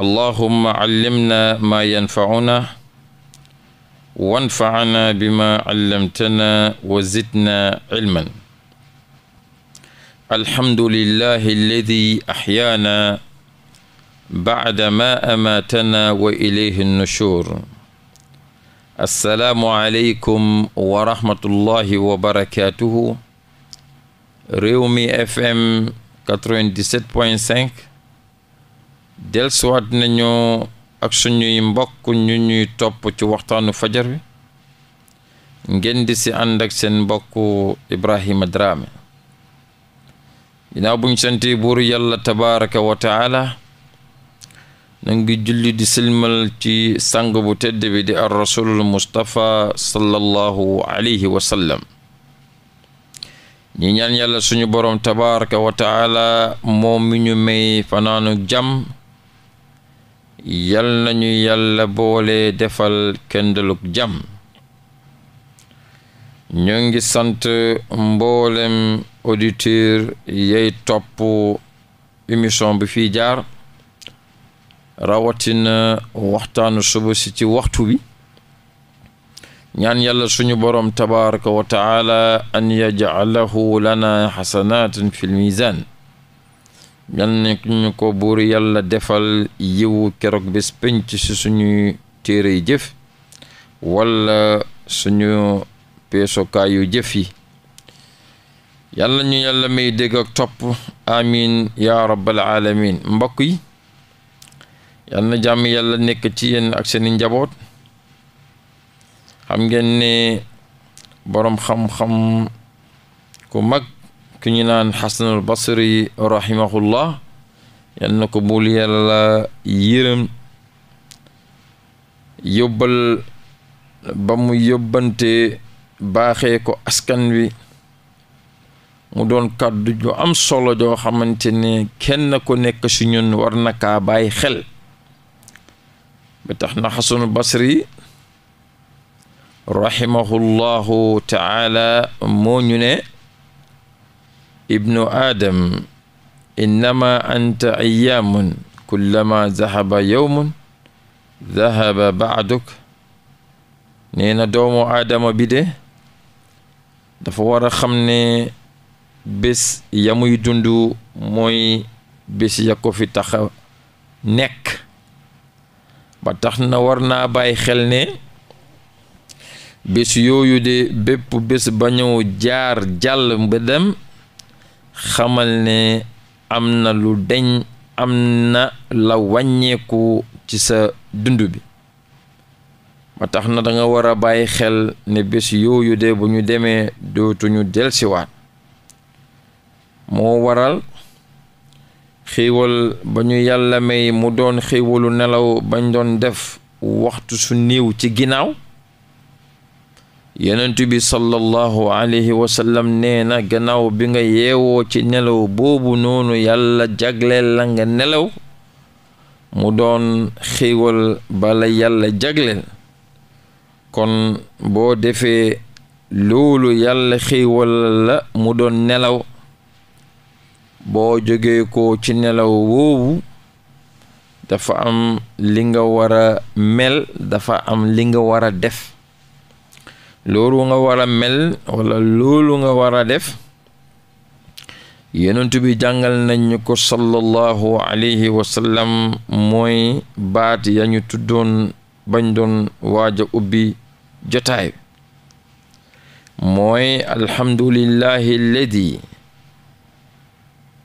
allahumma callimna maa yanfacuna wanfacna bimaa callamtana wa zidna cilman alhamdulillahi alladi axyaana bacda maa amaatana wa ilayhi nushuur assalaamu aleykum wa rahmatullahi wa barakaatuhu Rewmi FM 97.5 dellusiwaat nañu ak suñuy mbokk ñu ñuy topp ci waxtaanu fajar wi ngeen di si ànd seen mbokk Ibrahima Drame ginnaaw buñ sante buur yàlla tabaraka wa taala na julli di silmal ci sang bu tedd bi di ar rasulul mustapha sallallahu alayhi wa ñi ñaan yàlla suñu boroom tabaraka wa taala moom mi ñu may fanaanu jàmm yal nañu yàlla boole defal kendaluk jàmm ñoo ngi sant mboolem auditeur yay topp émission bi fii jaar rawatina waxtaanu suba si ci waxtu bi ñaan yàlla suñu boroom tabaraka wa an yajcalahu lana xasanatan fi l yal na ñu ko buur yàlla defal yiwu keroog bés penc ci suñu téere yi jëf wala suñu peesokaayu jëf yi yàlla ñu yàlla may dégg ak topp amin ya rabbal alamin mbokk yi yal na jàmm yàlla nekk ci yenn ak seeni njaboot xam ngeen ne boroom xam-xam ku mag ki ñu naan xasanul basri rahimahullah yal na ko bul yàlla yërëm yóbbal ba mu yóbbante baaxee ko askan wi mu doon kàddu ju am solo joo xamante ne kenn ko nekk su ñun war na xel ba tax na xasanul basri rahimahullahu taala moo ñu ne ibnu aadam innama anta ayyaamun kullama zahaba yowmun zahaba baaduk nee doomu aadama bi de dafa war a xam ne bés ya muy mooy bés ya ko fi tax nekk ba tax na war naa bàyyi xel ne bés yooyu de bépp bés ba ñëw jaar jàll ba xamal ne am na lu deñ am na la wàññeeku ci sa dund bi ba tax na danga war a bàyyi xel ne bés yooyu de bu ñu demee dootuñu delsiwaat moo waral xéewal ba ñu yàlla may mu doon xéewalu nelaw bañ doon def waxtu su niiw ci ginnaaw yeneen bi sallallahu alayhi wa sallam nee na gannaaw bi nga yeewoo ci nelaw boobu noonu yàlla jagleel la nelaw mu doon xéewal bala yàlla jagleel kon boo defee loolu yàlla xéewal la mu doon nelaw boo jógee ko ci nelaw woowu dafa am li nga war mel dafa am li nga war a def loolu nga war a mel wala loolu nga war a def yonent bi jàngal nañ ñu ko sallallahu alayhi wa sallam mooy baat yañu tuddoon bañ doon waaj a ubbi jotaay mooy alhamdulillahi alladi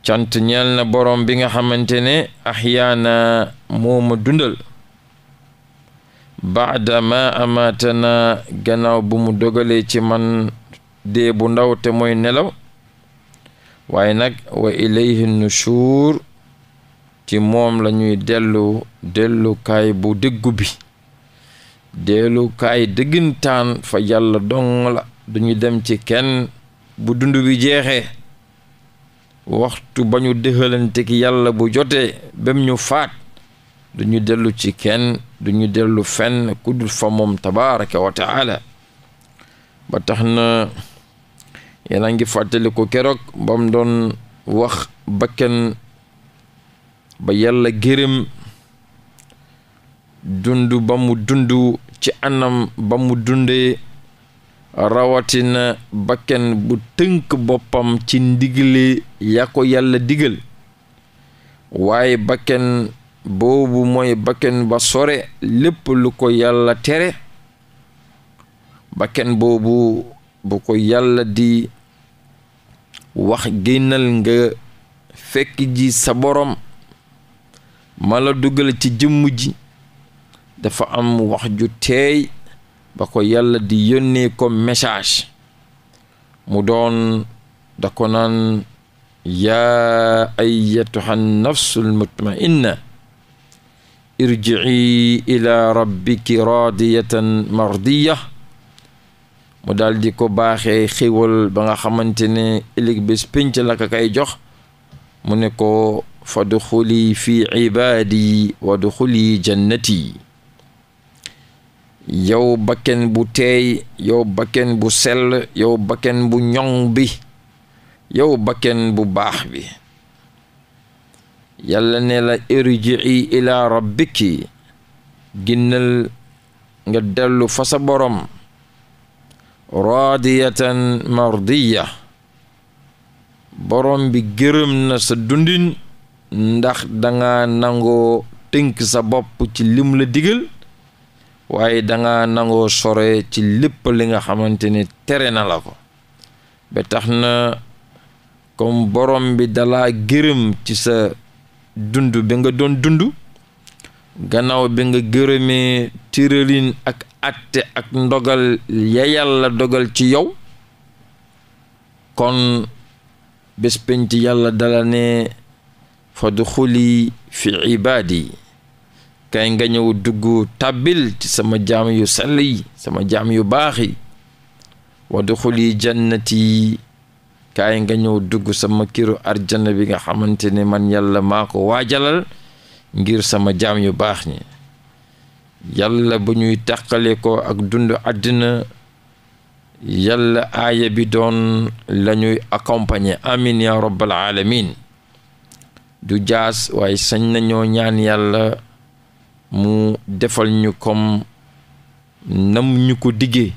cant ñal na boroom bi nga xamante ne axyaana moo ma dundal baadama amaatana gannaaw bu mu dogalee ci man dee bu ndaw te mooy nelaw waaye nag wa ilayhi nushur ci moom la ñuy dellu dellukaay bu dëggu bi dellukaay dëggantaan fa yàlla dong la duñu dem ci kenn bu dund bi jeexee waxtu bañu ñu dëxalante yàlla bu jotee bem ñu faat du ñu dellu ci kenn du ñu dellu fenn ku dul fa moom ba tax na yéena ngi fàttali keroog bam doon wax bakkan ba yàlla gërëm dund ba mu ci anam ba mu dundee rawatina bakken bu tënk boppam ci ndigle yaa ko yàlla digal waaye bakken boobu mooy bakken ba sore lépp lu ko yàlla tere bakken boobu bu ko yàlla di wax génnal nga fekk ji sa borom mala dugal ci jëmm ji dafa am wax ju teey ba ko yàlla di yónnee ko message mu doon da ko naan yaa ayyatuhan nafsul mutmainna irjii ila rabbiki raadiyatan mardiya mu daldi ko baaxe xiwal ba nga xamante ne ëllëg bés pénc kay jox mu ne ko fadxuli fi ibaadi wadxuli jannati yow bakken bu teey yow bakken bu sell yow bakken bu ñoŋ bi yow bakken bu baax bi yàlla ne la irji'i ila rabbiki ginnal nga dellu fa sa borom raadiyatan mardiya borom bi gërëm na sa dundin ndax danga nangoo tënk sa bopp ci lim la digal waaye danga nangoo sore ci lépp li nga xamante ne tere na la ko ba tax na comme borom bi dalaa gërëm ci sa dund bi nga doon dund gannaaw bi nga gërëmee tëralin ak atte ak ndogal ya yàlla dogal ci yow kon bés penc yàlla dala ne fa duxuli fi ibaadi kay nga ñëw dugg tàbbil ci sama jaam yu sell yi sama jaam yu baaxi yi wa duxuli jannati kaay nga ñëw dugg sama kiru arjana bi nga xamante ne man yàlla maa ko waajalal ngir sama jaam yu baax ñi yàlla bu ñuy tàqale ko ak dund àddina yàlla aaya bi doon lañuy ñuy accompagner amin ya rabbal alamin du jaas waaye sañ nañoo ñaan yàlla mu defal ñu comme nam ñu ko diggee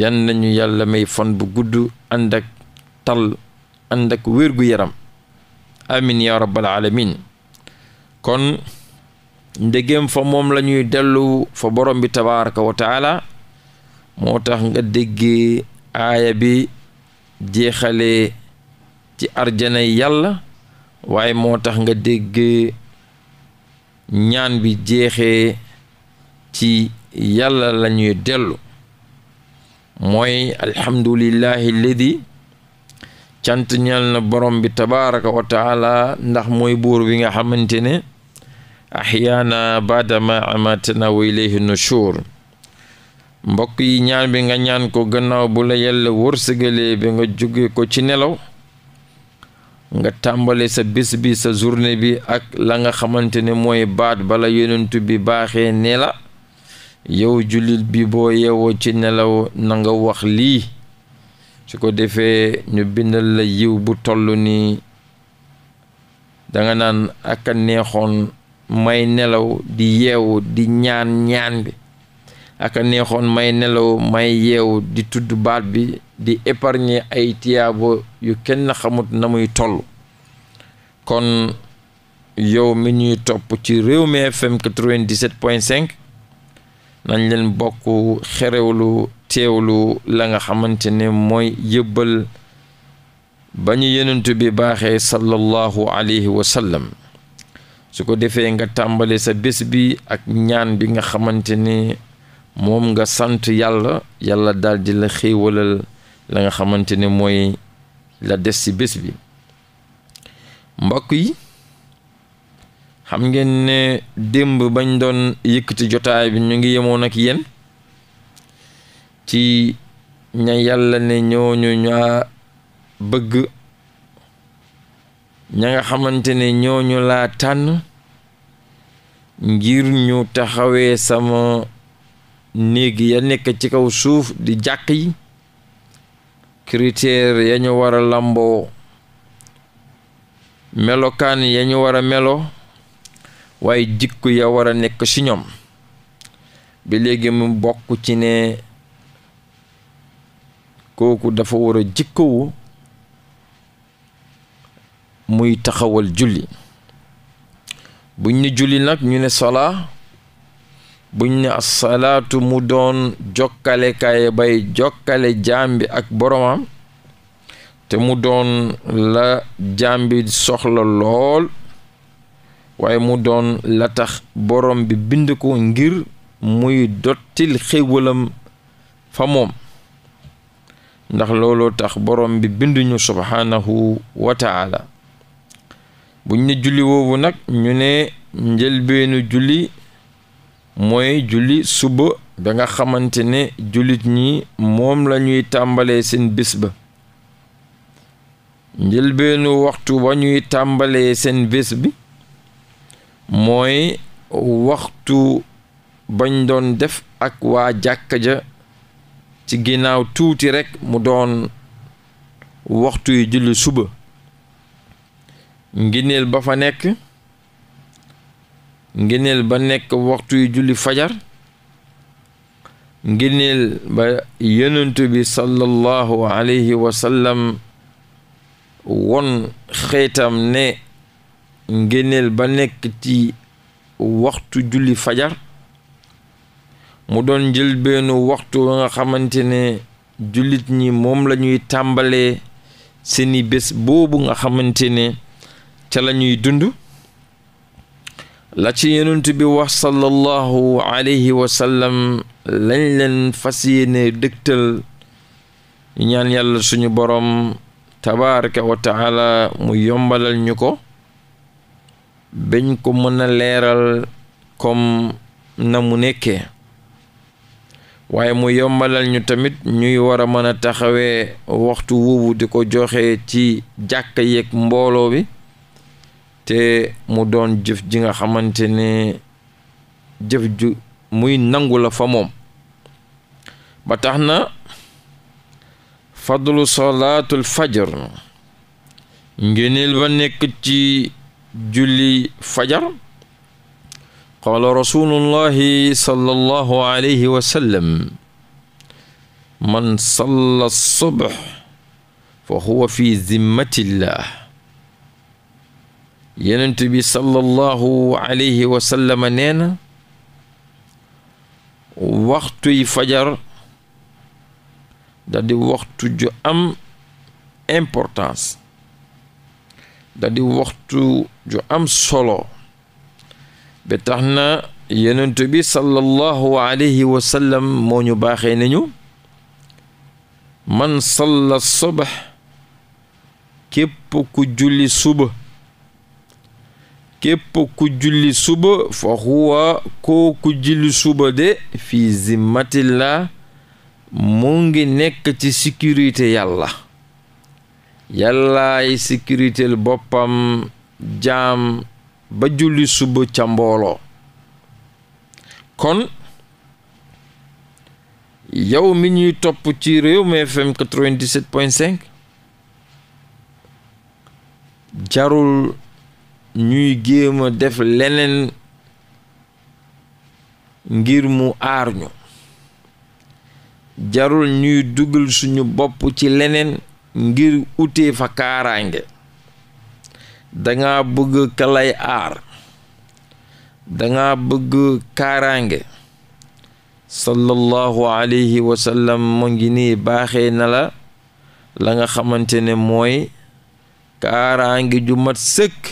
yan nañu yàlla may fan bu gudd ànd ak tal ànd ak yaram amin ya rabbal alamin kon ndegem fa moom lañuy ñuy dellu fa borom bi tabaraka moo tax nga déggee aaya bi jeexalee ci arjana yàlla waaye moo tax nga déggee ñaan bi jeexee ci yàlla lañuy ñuy dellu mooy alhamdulillahi ledi cant ñal na borom bi tabaraka wa ndax mooy buur wi nga xamante ne ahyaana baadama amatana wa ilayhi nushur mbokk yi ñaan bi nga ñaan ko gannaaw bu la yàlla wërsëgalee bi nga jóge ko ci nelaw nga tàmbale sa bés bi sa journée bi ak la nga xamante ne mooy baat bala yonentu bi baaxee neela yow jullit bi boo yeewoo ci nelaw na nga wax lii su ko defee ñu bindal la yiw bu toll nii danga naan ak neexoon may nelaw di yeewu di ñaan ñaan bi aka neexoon may nelaw may yeewu di tudd baat bi di épargner ay tiyaabo yu kenn xamut na muy toll kon yow mi ñuy topp ci réew Rewmi FM 97.5 nañ leen bokk xerewlu teewlu la nga xamante ne mooy yëbbal ba ñu yenentu bi baaxee sallallahu alayhi wa su ko defee nga tàmbale sa bés bi ak ñaan bi nga xamante ni moom nga sant yàlla yàlla daal la xéewalal la nga xamante ni mooy la des ci bés bi mbokk yi xam ngeen ne démb bañ doon yëkkati jotaay bi ñu ngi yemoon ak yéen ci ña yàlla ne ñooñu ñaa bëgg ña nga xamante ne ñooñu laa tànn ngir ñu taxawee sama néeg ya nekk ci kaw suuf di jàkk yi critère ya ñu war a lamboo melokaan ya ñu war a melo waaye jikko ya war a nekk ci ñoom bi léegi mu bokk ci ne kooku dafa wara jikkowu muy taxawal julli buñ ne julli nag ñu ne sola buñ ne asalaatu mu doon jokkalekaay bay jokkale jaam bi ak boroomam te mu doon la jaam bi soxla lool waaye mu doon la tax borom bi bind ko ngir muy dottil xéewalam fa moom ndax looloo tax borom bi binduñu subhaanahu wa taala buñ ne nag ñu ne njëlbeenu julli mooy julli suba ba nga xamante ne jullit ñi moom lañuy ñuy tàmbalee seen bés ba njëlbeenu waxtu ba ñuy tàmbalee seen bés bi mooy waxtu bañ doon def ak waa jàkka ja ci ginnaaw tuuti rekk mu doon waxtu yu julli suba ngineel ba fa nekk ngineel ba nekk waxtu yu julli fajar ngineel ba yonent bi sallallahu alayhi wa won xeetam ne ngénneel ba nekk ci waxtu julli fajar mu doon njëlbeenu waxtu wa nga xamante ne jullit ñi moom lañuy tàmbalee seeni bés boobu nga xamante ne ca lañuy ñuy dund la ci yonent bi wax sallallahu alayhi wa sallam lañ leen fas yéene dëgtal ñaan yàlla suñu boroom tabaraka wa mu yombalal ñu ko bañ ko mën a leeral comme na mu nekkee waaye mu yombalal ñu tamit ñuy wara a mën a taxawee waxtu wuubu di ko joxe ci jàkk yeeg mbooloo bi te mu doon jëf ji nga xamante ne jëf ju muy nangu la fa moom ba tax na fadlu solaatul fajar ngéneel ba nekk ci julli fajar qaala rasulullahi sallallahu alayhi wa sallam man salla subh fa huwa fi zimmatillah yenent bi sallallahu alayhi wa sallama nee na waxtuy fajar da di waxtu ju am importance dadi di waxtu ju am solo ba tax na yenentu bi sallallahu alayhi wa sallam moo ñu baaxee nañu man salla subax képp ku julli suba képp ku suba fa huwa koo ku julli suba de fii zimmatillah mu ngi nekk ci sécurité yàlla yàllaay sécuritél boppam jaam ba julli suba ca mbooloo kon yow mi ñuy topp ci Rewmi FM 97.5 jarul ñuy géema def leneen ngir mu aar ñu jarul ñuy dugal suñu bopp ci leneen ngir utee fa kaaraange danga bëgg kalay aar danga bëgg kaaraange sallallahu alayhi wa sallam ngi nii baaxe na la la nga xamante ne mooy kaaraange ju mat sëkk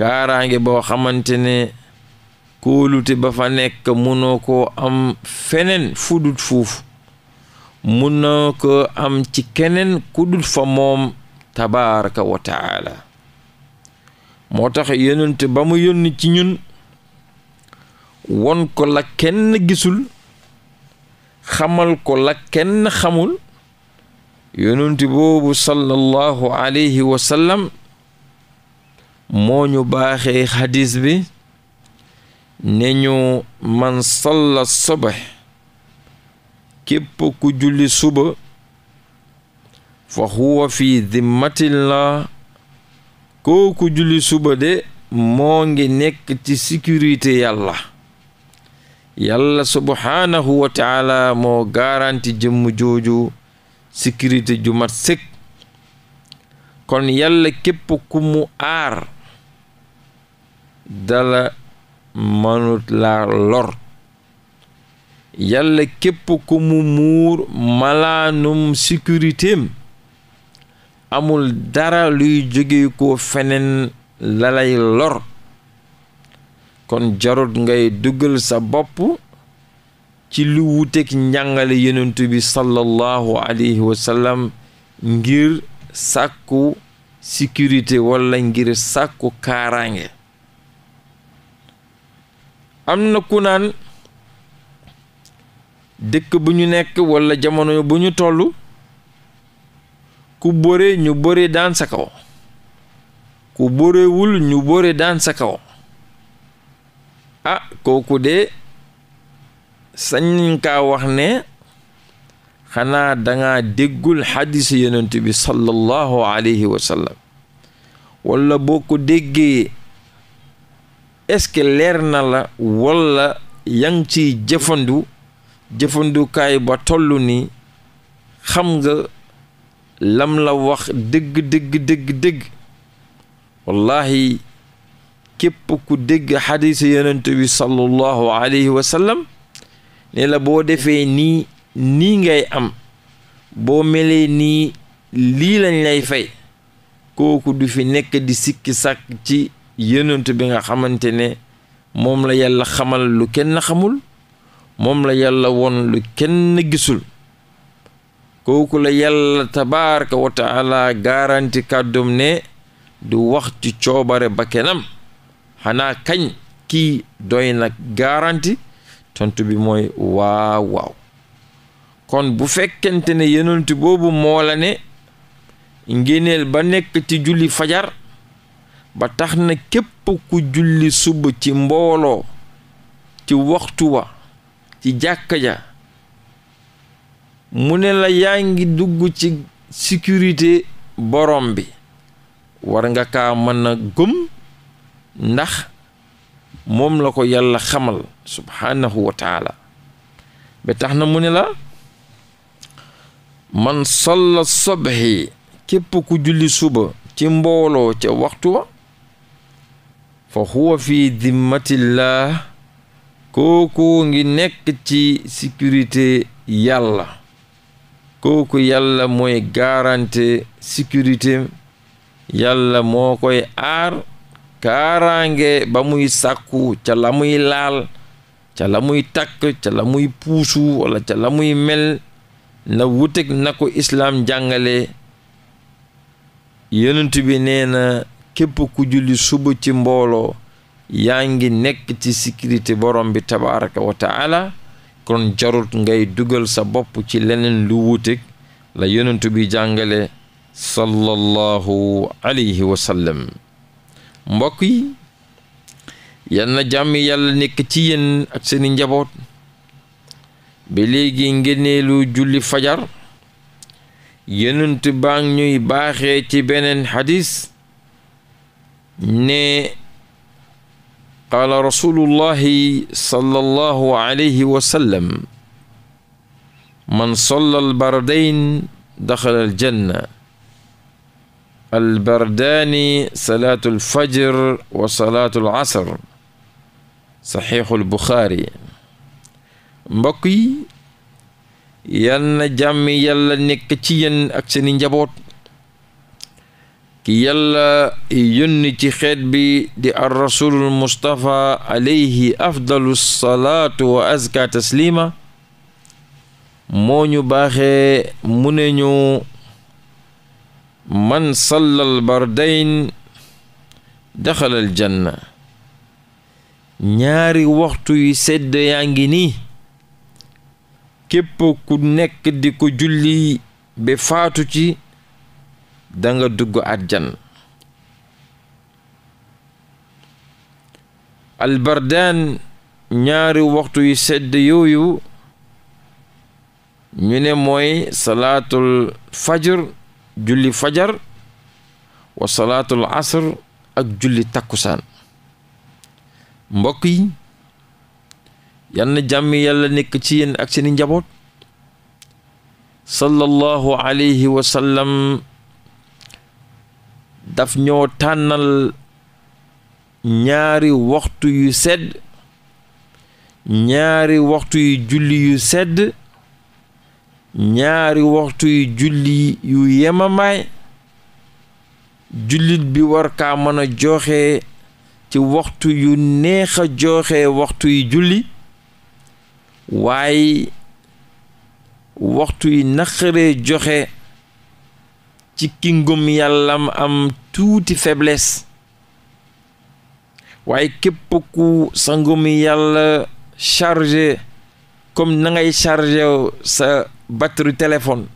kaaraange boo xamante ne kóolute ba fa nekk mënoo koo am feneen fudut foofu mun na ko am ci keneen ku dul fa moom tabaraka wa taala moo tax yonent ba mu yónni ci ñun won ko la gisul xamal ko la kenn xamul yonent boobu sallallahu alayhi wa moo ñu baaxee xadiis bi ne ñu man salla sobe képp ku suba fa huwa fi dimmatillah kooku julli suba de moo ngi nekk ci sécurité yàlla yàlla subhaanahu wa taala garanti jëmm jooju sécurité ju mat sëkk kon yàlla képp ku mu aar dala mënut laa lor yàlla képp ku mu muur malaanum sécurité amul dara luy joge ko feneen lalay lor kon jarut ngay dugal sa bopp ci lu wuuteeg njàngale yonent bi sallallahu alayhi wa ngir sàkku sécurité walla ngir sàkku kaaraange am na ku dëkk bu ñu nekk walla jamono bu ñu toll ku bore ñu bore daan sa kaw ku borewul ñu bore daan sa kaw ah kooku de sañ kaa wax ne xanaa danga déggul xadisu yonent bi sallallahu alayhi wa walla boo ko déggee est leer na la walla yang ci jëfandu jëfandukaay ba toll ni xam nga lam la wax dëgg dëgg dëgg dëgg wallahi képp ku dégg xadiisu yonent bi sallallahu alayhi ne la boo defee nii nii ngay am boo melee nii lii lañ lay fay kooku du fi nekk di sikki sàkk ci yonent bi nga xamante ne moom la yàlla xamal lu kenn xamul moom la yàlla won lu kenn gisul kooku la yàlla tabaraka wa taala garanti kàddum ne du wax ci coobare bakkenam xanaa kañ ki doy na garanti tontu bi mooy waaw waaw kon bu fekkente ne yenentu boobu moola ne ngéneel ba nekk ci julli fajar ba tax na képp ku julli suba ci mbooloo ci waxtu wa ci jàkka ja mu ne la yaa ngi dugg ci sécurité borom bi war nga kaa mën a gëm ndax moom la ko yàlla xamal subhaanahu wa taala tax na mu ne la man solla sobhi képp ku julli suba ci mbooloo ca waxtu wa fa huwa fi dimmatillah kooku ngi nekk ci sécurité yàlla kooku yàlla mooy garantie sécurité yàlla moo koy aar kaaraange ba muy sàkku ca la muy laal ca la muy takk ca la muy puusu wala ca la muy mel na wutek na ko islaam jàngale yonent bi nee na képp ku julli suba ci mbooloo yaa ngi nekk ci sécurité borom bi tabaraka wa taala kon jarut ngay dugal sa bopp ci leneen lu wuuteeg la yonentu bi jàngale sallallahu alayhi wa sallam mbokk yi yal na jàmm yalla nekk ci yéen ak seeni njaboot bi léegi ngeneelu julli fajar yonent baa ngi ñuy baaxee ci beneen xadis ne qaala rasulullahi sallallahu alayhi wa sallam man solla albardayn daxala aljanna albardaani salaatu alfajr wa salaatu alasr saxiixul buxaari mbokk yi yal na jàmm yàlla nekk ci yéen ak seeni njaboot ki yàlla yónni ci xeet bi di ar rasulul mustapha alayhi afdalu salaatu wa azka taslima moo ñu baaxee mu ne ñu man sallal bardayn daxalal janna ñaari waxtu yu sedd yaa ngi nii képp ku nekk di ko julli be faatu ci da nga dugg àjjan albardaan ñaari waxtu yu sedd yooyu ñu ne mooy salaatul fajr julli fajar wa salaatul asr ak julli takkusaan mbokk yi yal na jàmm yàlla nekk ci yenn ak seeni njaboot sallallahu alayhi wa daf ñoo tànnal ñaari waxtu yu sedd ñaari waxtu yu julli yu sedd ñaari waxtu yu julli yu yemamaay jullit bi war kaa mën a joxe ci waxtu yu neex a joxe waxtu yu julli waaye waxtu yu naqaree joxe ci ki ngëm am tuuti faiblesse waaye képp ku sa yàlla chargé comme nangay ngay chargé sa batterie téléphone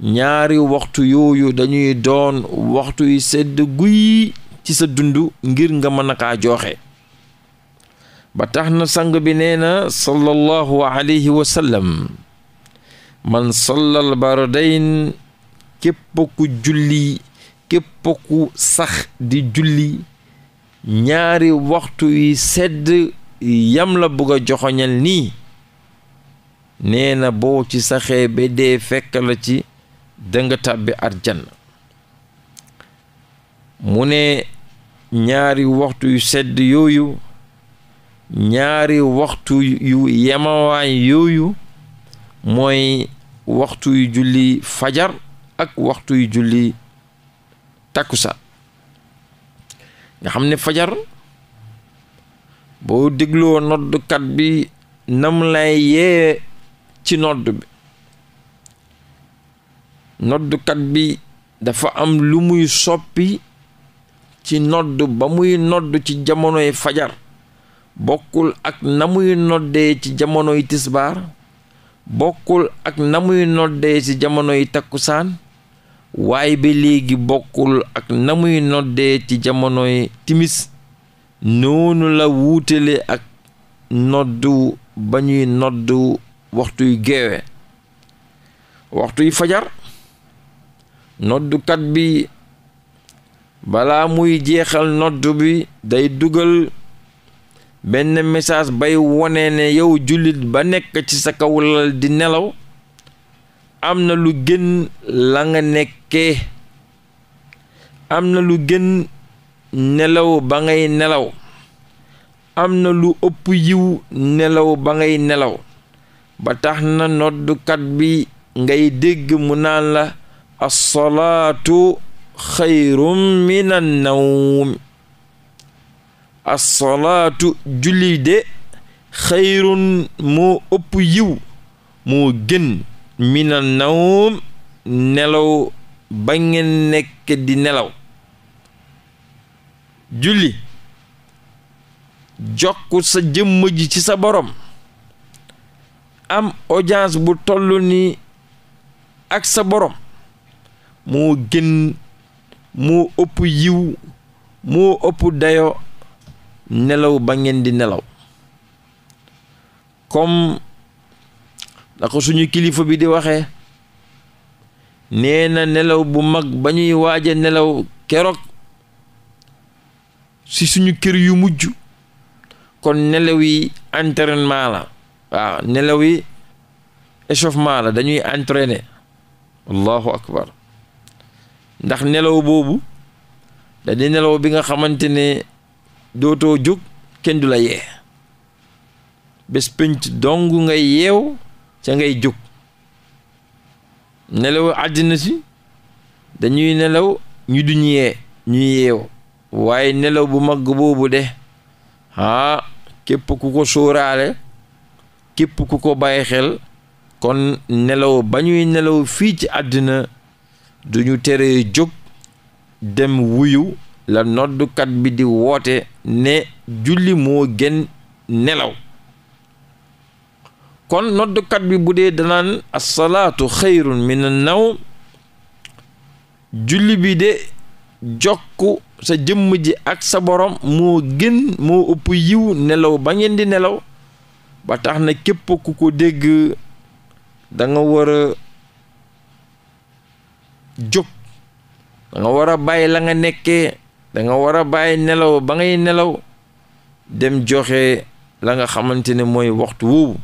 ñaari waxtu yooyu dañuy doon waxtu yu sedd guy ci sa dund ngir nga mën a kaa jooxe ba tax na sang bi nee na sallallahu alayhi man sallal bardayn képp ku julli képp ku sax di julli ñaari waxtu yi sedd yam la bugg joxoñal nii nee boo ci saxee ba dee fekk la ci danga tàbbi arjanna mu ne ñaari waxtu yu sedd yooyu ñaari waxtu yu yemawaay yooyu mooy waxtu yu julli fajar ak waxtu yu julli takkusaan nga xam ni fajar boo dégloo noddkat bi nam lay yee ci nodd bi noddkat bi dafa am lu muy soppi ci nodd ba muy nodd ci jamonoy fajar bokkul ak na muy noddee ci jamonoy tisbaar bokkul ak na muy noddee ci jamonoy takkusaan waay bi léegi bokkul ak na muy noddee ci jamonoy timis noonu la wuutale ak noddu ba ñuy noddu waxtuy geewe waxtuy fajar noddukat bi bala muy jeexal nodd bi day dugal benn message bay wone ne yow jullit ba nekk ci sa kaw di nelaw am na lu gën la nga nekk fekkee am na lu gën nelaw ba ngay nelaw am na lu ëpp yiw nelaw ba ngay nelaw ba tax na noddukat bi ngay dégg mu naan la assalaatu xayrun min annawm assalaatu julli de xayrun moo ëpp yiw moo gën min annawm nelaw ba ngeen nekk di nelaw julli jokk sa jëmm ji ci sa borom am audience bu toll ni ak sa borom moo gën moo ëpp yiw moo ëpp dayo nelaw ba ngeen di nelaw comme ndax ko suñu kilifa bi di waxee nee na nelaw bu mag ba ñuy waaj nelaw keroog ci suñu kër yu mujj kon nelaw yi entraînement la waaw nelaw yi échauffement la dañuy entraîner allahu akbar ndax nelaw boobu da nelaw bi nga xamante ne dootoo jóg kenn du la yee bés pénc dong ngay yeew ca ngay jóg nelaw àddina si dañuy nelaw ñu duñ yee yeew waaye nelaw bu mag boobu de ah képp ku ko sóoraale képp ku ko bàyyi xel kon nelaw ba ñuy nelaw fii ci àddina duñu teree jóg dem wuyu la noddukat bi di woote ne julli moo gën nelaw kon noddukat bi bu dee danaan asalaatu xayrun min an naw julli bi de jokk sa jëmm ji ak sa borom moo gën moo ëpp yiw nelaw ba ngeen di nelaw ba tax na képp ku ko dégg danga nga jóg da nga war a bàyyi la nga nekkee da nga war a bàyyi nelaw ba ngay nelaw dem joxe la nga xamante ne mooy waxtu woowu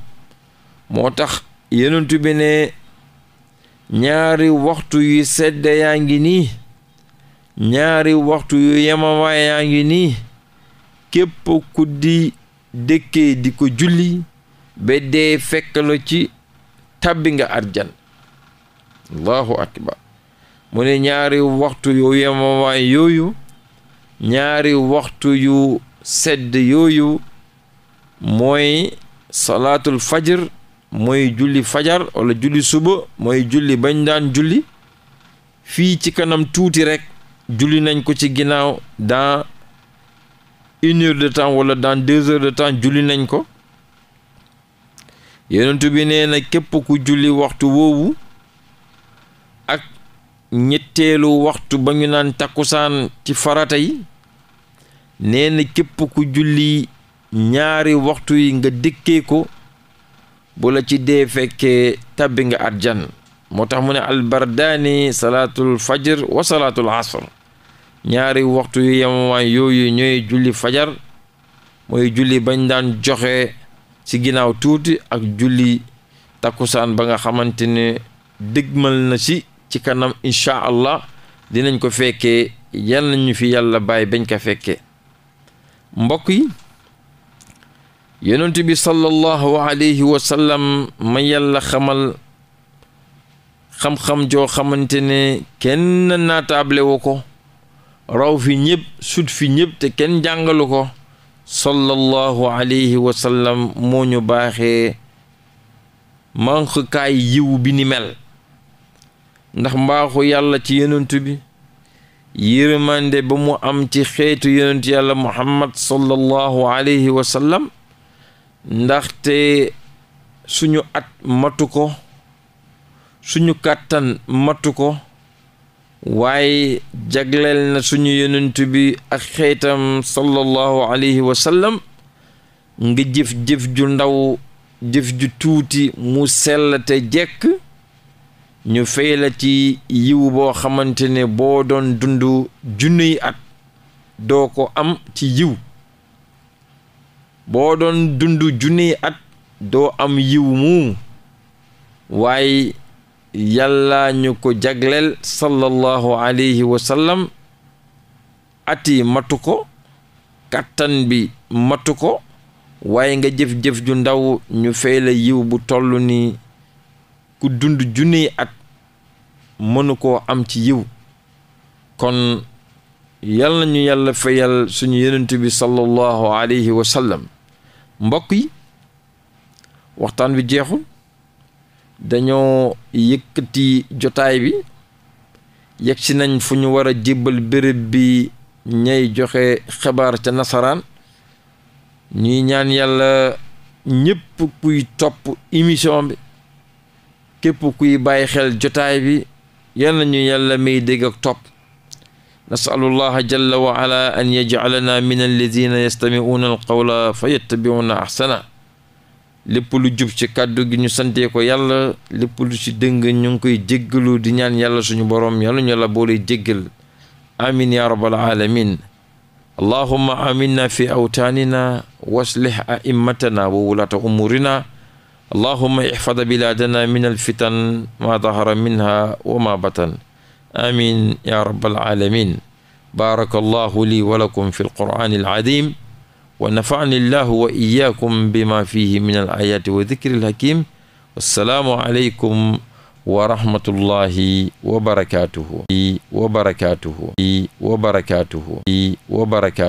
moo tax yenentu bi ne ñaari waxtu yu sedd yaa ngi nii ñaari waxtu yu yemawaay yaa ngi nii képp ku di dëkkee di ko julli ba dee fekkalo ci tabbi nga arjan allahu akbar mu ne ñaari waxtu yu yemawaay yooyu ñaari waxtu yu sedd yooyu mooy salaatul fajr mooy julli fajar wala julli suba mooy julli bañ daan julli fii ci kanam tuuti rekk julli nañ ko ci ginnaaw dans une heure de temps wala dans deux heures de temps julli nañ ko yonent bi nee na ku julli waxtu woowu ak ñetteelu waxtu ba naan takkusaan ci faratay yi nee na ku julli ñaari waxtu yi nga dëkkee ko bu la ci dee fekkee tabbi nga arjan moo tax mu ne albardaani salaatul fajr wa salaatul asr ñaari waxtu yu yemawaan yooyu ñooy julli fajar mooy julli bañ daan joxe ci ginnaaw tuuti ak julli takkusaan ba nga xamante ne dëgmal na ci ci kanam incha allah dinañ ko fekkee yan nañu fi yàlla bàyyi bañ ko fekkee mbokk yi yonent bi sallallahu alayhi wa sallam ma xamal xam-xam joo xamante ne kenn naataable wu ko raw fi ñëpp sut fi ñëpp te kenn jàngalu ko sallallahu alayhi wa sallam moo ñu baaxee manqukaay yiw bi ni mel ndax mbaaxu yàlla ci yonent bi yërmande ba mu am ci xeetu yonent yàlla muhammad sallallahu alayhi wa sallam ndaxte suñu at matu ko suñu kàttan matu ko waaye jagleel na suñu yonent bi ak xeetam sallallahu alayhi sallam ngi jëf-jëf ju ndaw jëf ju tuuti mu sell te jekk ñu fay ci yiw boo xamante ne boo doon dund junniy at doo ko am ci yiw boo doon dundu junniy at doo am yiw mu waaye yàlla ñu ko jagleel sallallahu alayhi wa sallam ati matu kattan bi matu ko waaye nga jëf-jëf ju ndaw ñu fay yiw bu toll ni ku dund junniy at mënu koo am ci yiw kon yal nañu yàlla fayal suñu yenent bi sallallahu alayhi wa sallam mbokk yi waxtaan bi jeexul dañoo yëkkati jotaay bi yegg si nañ fu ñu war a jébbal béréb bi ñay joxe xibaar ca nasaraan ñuy ñaan yàlla ñëpp kuy topp émission képp kuy bàyyi xel jotaay bi yal nañu yàlla may dégg ak topp nasalullaha jalla wa ala an yajcalana min alladina yastamiuuna alqawla fa yattabiuuna ahsana lépp lu jub ci kàddu gi ñu santee ko yàlla lépp lu ci dëng ñu ngi koy jéggalu di ñaan yàlla suñu borom yàlla ñu la boole jéggal amin ya rabbal alamin allahumma aminna fi awtaanina wa aslih a'immatana wa wulaata umurina allahumma ihfad bilaadana min alfitan ma dahara minha wa ma batan amin ya rabbal alamin baarakallahu li wa lakum fi alqur'ani alazim wa nafa'ani llahu wa iyyakum bima fihi min alayati wa dhikri alhakim wassalaamu alaykum wa rahmatullahi wa barakatuhu wa barakatuhu wa barakatuhu wa barakatuhu